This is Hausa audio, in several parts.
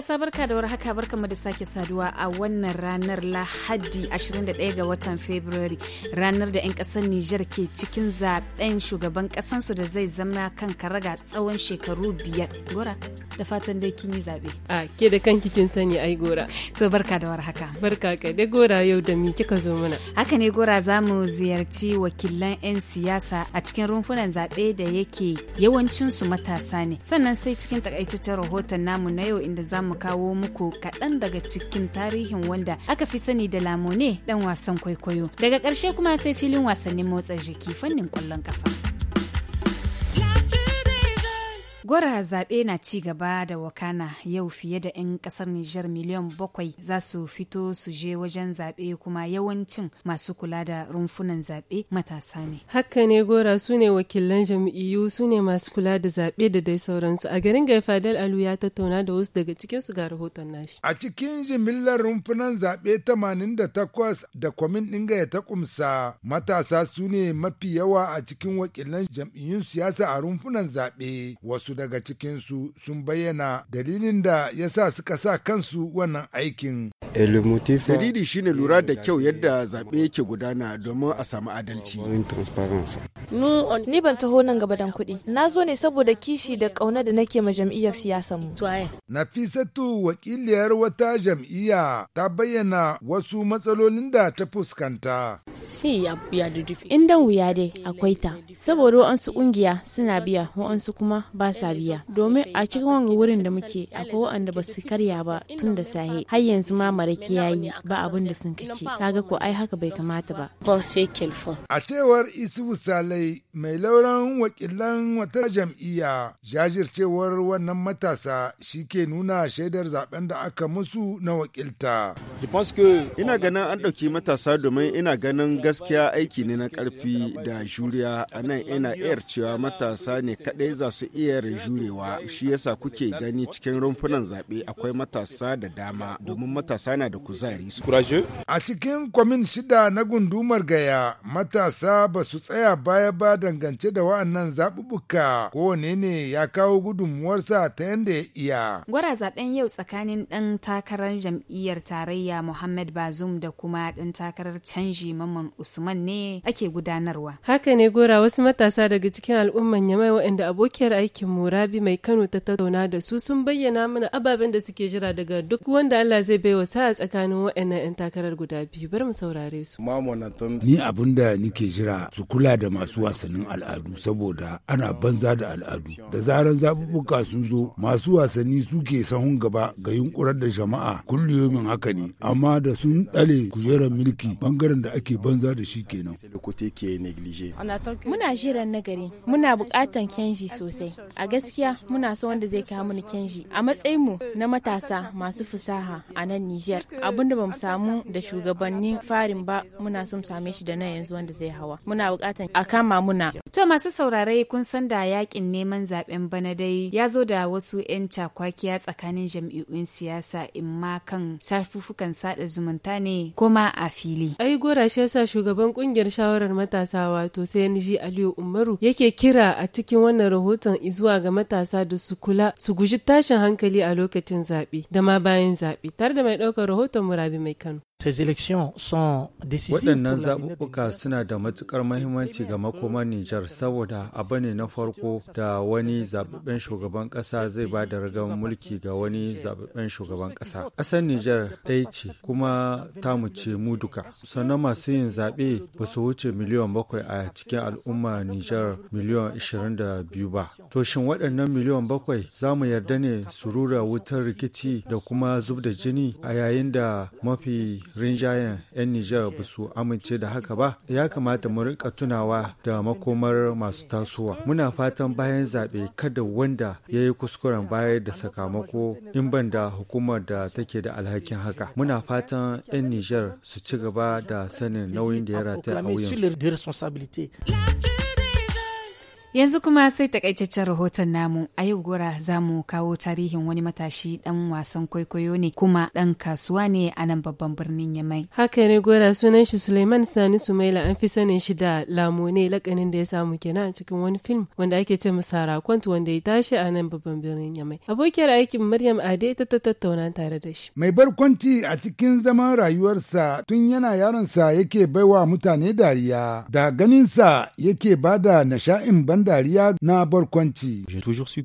matasa barka da warhaka barkamu da sake saduwa a wannan ranar Lahadi 21 ga watan february ranar da 'yan kasar Nijar ke cikin zaben shugaban kasansu da zai zama kan karaga tsawon shekaru biyar. Gora da fatan dai kin yi zabe. A ke da kanki kin sani ai Gora. To barka da warhaka. Barka kai da Gora yau da mi kika zo mana. Haka ne Gora za mu ziyarci wakilan 'yan siyasa a cikin rumfunan zabe da yake yawancinsu matasa ne. Sannan sai cikin takaitaccen rahoton namu na yau inda za mu mu kawo muku kaɗan daga cikin tarihin wanda aka fi sani da lamone ɗan wasan kwaikwayo. Daga ƙarshe kuma sai filin wasannin motsa jiki fannin ƙwallon ƙafa. gora zaɓe na ci gaba da wakana yau fiye da 'yan ƙasar Nijar miliyan bakwai za su fito su je wajen zaɓe kuma yawancin masu kula da rumfunan zaɓe matasa ne. Haka ne Gora su ne wakilan jam'iyyu su ne masu kula da zaɓe da dai sauransu. A garin fadal Alu ya tattauna da wasu daga cikin su ga rahoton nashi. A cikin jimillar rumfunan zaɓe tamanin da takwas da kwamin ɗin ya ta kumsa matasa su ne mafi yawa a cikin wakilan jam'iyyun siyasa a rumfunan zaɓe wasu daga cikinsu sun bayyana dalilin da ya sa suka sa kansu wannan aikin. Dalili shine lura da kyau yadda zaɓe yake gudana domin a samu adalci. Ni ban taho nan gaba dan kuɗi. Na zo ne saboda kishi da ƙauna da nake ma jam'iyyar siyasar mu. Nafisatu wakiliyar wata jam'iyya ta bayyana wasu matsalolin da ta fuskanta. In dan wuya dai akwai ta, saboda wa'ansu ƙungiya suna biya wa'ansu kuma ba sa kariya domin a cikin wanga wurin da muke akwai waɗanda ba su karya ba tun da sahi har yanzu ma maraki yi ba abin da sun kace kaga ko ai haka bai kamata ba a cewar isu salai mai lauran wakilan wata jam'iyya jajircewar wannan matasa shi ke nuna shaidar zaben da aka musu na wakilta. Ina ganin an ɗauki matasa domin ina ganin gaskiya aiki ne na ƙarfi da juriya a nan ina iyar cewa matasa ne kaɗai za su iya jurewa shi yasa kuke gani cikin rumfunan zaɓe akwai matasa da dama domin matasa na da kuzari. A cikin kwamin shida na gundumar gaya matasa ba su tsaya baya ba dangance da wa'annan zaɓuɓɓuka ko ne ya kawo gudunmuwarsa ta yadda ya iya. Gwara zaben yau tsakanin ɗan takarar jam'iyyar tarayya Muhammad Bazum da kuma ɗan takarar canji Mamman Usman ne ake gudanarwa. Haka ne gora wasu matasa daga cikin al'umman Yamai waɗanda abokiyar aikin Murabi mai Kano ta tattauna da su sun bayyana mana ababen da suke jira daga duk wanda Allah zai baiwa sa tsakanin waɗannan 'yan takarar guda biyu bar mu saurare su. Ni abin da nike jira su kula da masu wasanni. wasannin al'adu saboda ana banza da al'adu da zarar zaɓuɓɓuka sun zo masu wasanni suke sahun gaba ga yunkurar da jama'a kulliyomin haka ne amma da sun ɗale kujerar mulki bangaren da ake banza da shi kenan muna jiran nagari muna bukatan kenji sosai a gaskiya muna so wanda zai kawo mana kenji a matsayin mu na matasa masu fusaha a nan Niger abinda bamu samu da shugabannin farin ba muna son same shi da nan yanzu wanda zai hawa muna bukatan a kama mun bana. To masu saurare kun san da yakin neman zaben bana dai ya zo da wasu 'yan cakwakiya tsakanin jam'iyyun siyasa in ma kan safufukan sada zumunta ne kuma a fili. Ai gora shi yasa shugaban kungiyar shawarar matasa wato CNG Aliyu Umaru yake kira a cikin wannan rahoton izuwa ga matasa da su kula su guji tashin hankali a lokacin zaɓe da ma bayan zaɓe tare da mai ɗaukar rahoton murabi mai Kano. Waɗannan zaɓuɓɓuka suna da matuƙar mahimmanci ga makoman Nijar saboda abu ne na farko da wani zaɓuɓɓen shugaban ƙasa zai ba da ragan mulki ga wani zaɓuɓɓen shugaban ƙasa. Ƙasar Nijar ɗaya ce kuma ta ce mu duka. Sannan masu yin zaɓe ba su wuce miliyan bakwai a cikin al'umma Nijar miliyan ishirin da biyu ba. To shin waɗannan miliyan bakwai za mu yarda ne su rura wutar rikici da kuma zub da jini a yayin da mafi rinjayen 'yan Nijar ba su amince da haka ba, ya kamata mu rika tunawa da makomar masu tasowa. Muna fatan bayan zaɓe kada wanda ya yi kuskuren bayar da sakamako in ban da hukumar da take da alhakin haka. Muna fatan 'yan Nijar su ci gaba da sanin nauyin da ya rataya a wuyansu. Yanzu kuma sai takaitaccen rahoton namu a yau gora za mu kawo tarihin wani matashi dan wasan kwaikwayo ne kuma dan kasuwa ne a nan babban birnin Yamai. Haka ne gora sunan shi Suleiman Sani Sumaila an fi sanin shi da lamu ne lakanin da ya samu kenan a cikin wani film wanda ake ce masa wanda ya tashi a nan babban birnin Yamai. Abokiyar aikin Maryam Ade ta tattauna tare da shi. Mai barkwanci a cikin zaman rayuwarsa tun yana yaron sa yake baiwa mutane dariya da ganinsa yake bada nasha'in ban abin dariya na barkwanci.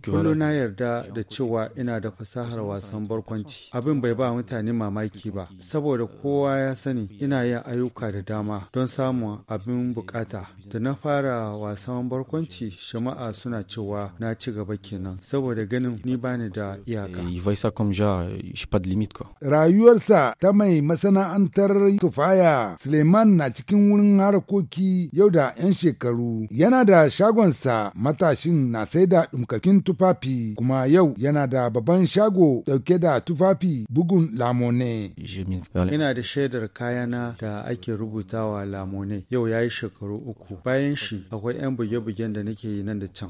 Kullum na yarda da cewa ina da fasahar wasan barkwanci. Abin bai ba mutane mamaki ba, saboda kowa ya sani ina yin ayyuka da dama don samun abin bukata. Da na fara wasan barkwanci, shama'a suna cewa na ci gaba kenan, saboda ganin ni bani da iyaka. Euh, Rayuwarsa ta mai masana'antar tufaya, Suleiman na cikin wurin harkoki yau da 'yan shekaru. Yana da shagon sa matashin na sai da ɗumkakin tufafi kuma yau yana da babban shago ɗauke da tufafi bugun lamone. Ina da shaidar kayana da ake rubutawa lamone yau ya yi shekaru uku bayan shi akwai 'yan buge-bugen da nake yi nan da can.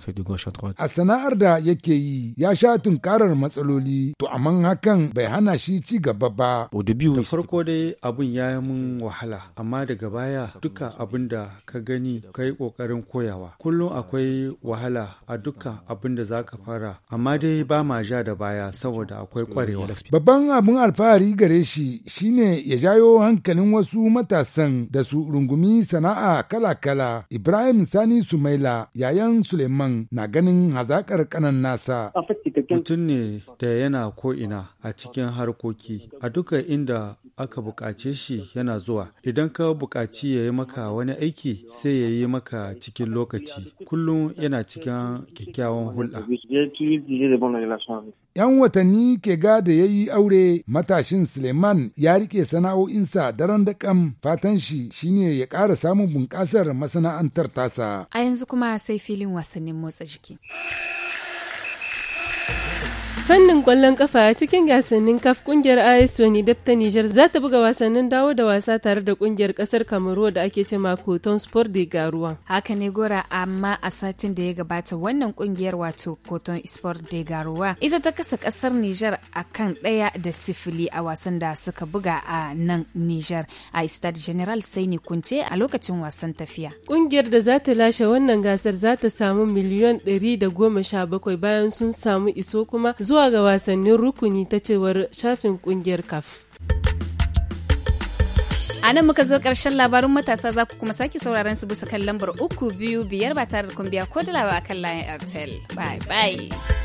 A sana'ar da yake yi ya sha tunkarar matsaloli to amma hakan bai hana shi ci gaba ba. Da farko dai abun ya yi mun wahala amma daga baya duka abin da ka gani ka yi ƙoƙarin koyawa kullum akwai akwai wahala a duka abin da za ka fara, amma dai ba ma ja da baya saboda akwai kwarewa. Babban abin alfahari gare shi shine ya jayo hankalin wasu matasan da su rungumi sana'a kala-kala. Ibrahim Sani Sumaila yayan Suleiman na ganin hazakar kanan nasa. Mutum ne da yana ko'ina a cikin harkoki, a duka inda aka buƙace shi yana zuwa idan ka buƙaci ya yi maka wani aiki sai ya yi maka cikin lokaci kullum yana cikin kyakkyawan hulɗa 'yan watanni ke gada ya yi aure matashin suleiman ya rike sana'o'insa daren da kam fatan shi shine ya ƙara samun bunƙasar masana'antar tasa a yanzu kuma sai filin wasannin motsa jiki fannin kwallon kafa a cikin gasannin kaf kungiyar AS wani ta Niger za ta buga wasannin dawo da wasa tare da kungiyar kasar Kamaru da ake ce koton Sport de Garuwa. Haka ne gora amma a satin da ya gabata wannan kungiyar wato koton Sport de Garuwa ita ta kasa kasar Niger a kan ɗaya da sifili a wasan da suka buga a nan Niger a Stade General sai ne kunce a lokacin wasan tafiya. Kungiyar da za ta lashe wannan gasar za ta samu miliyan 117 bayan sun samu iso kuma zuwa zuwa ga wasannin rukuni ta cewar shafin kungiyar kaf. A nan muka zo ƙarshen labarin matasa za ku kuma sake sauraron su bisa kan lambar uku biyu biyar ba tare da kun ko da labar akan layan Airtel. Bye bye.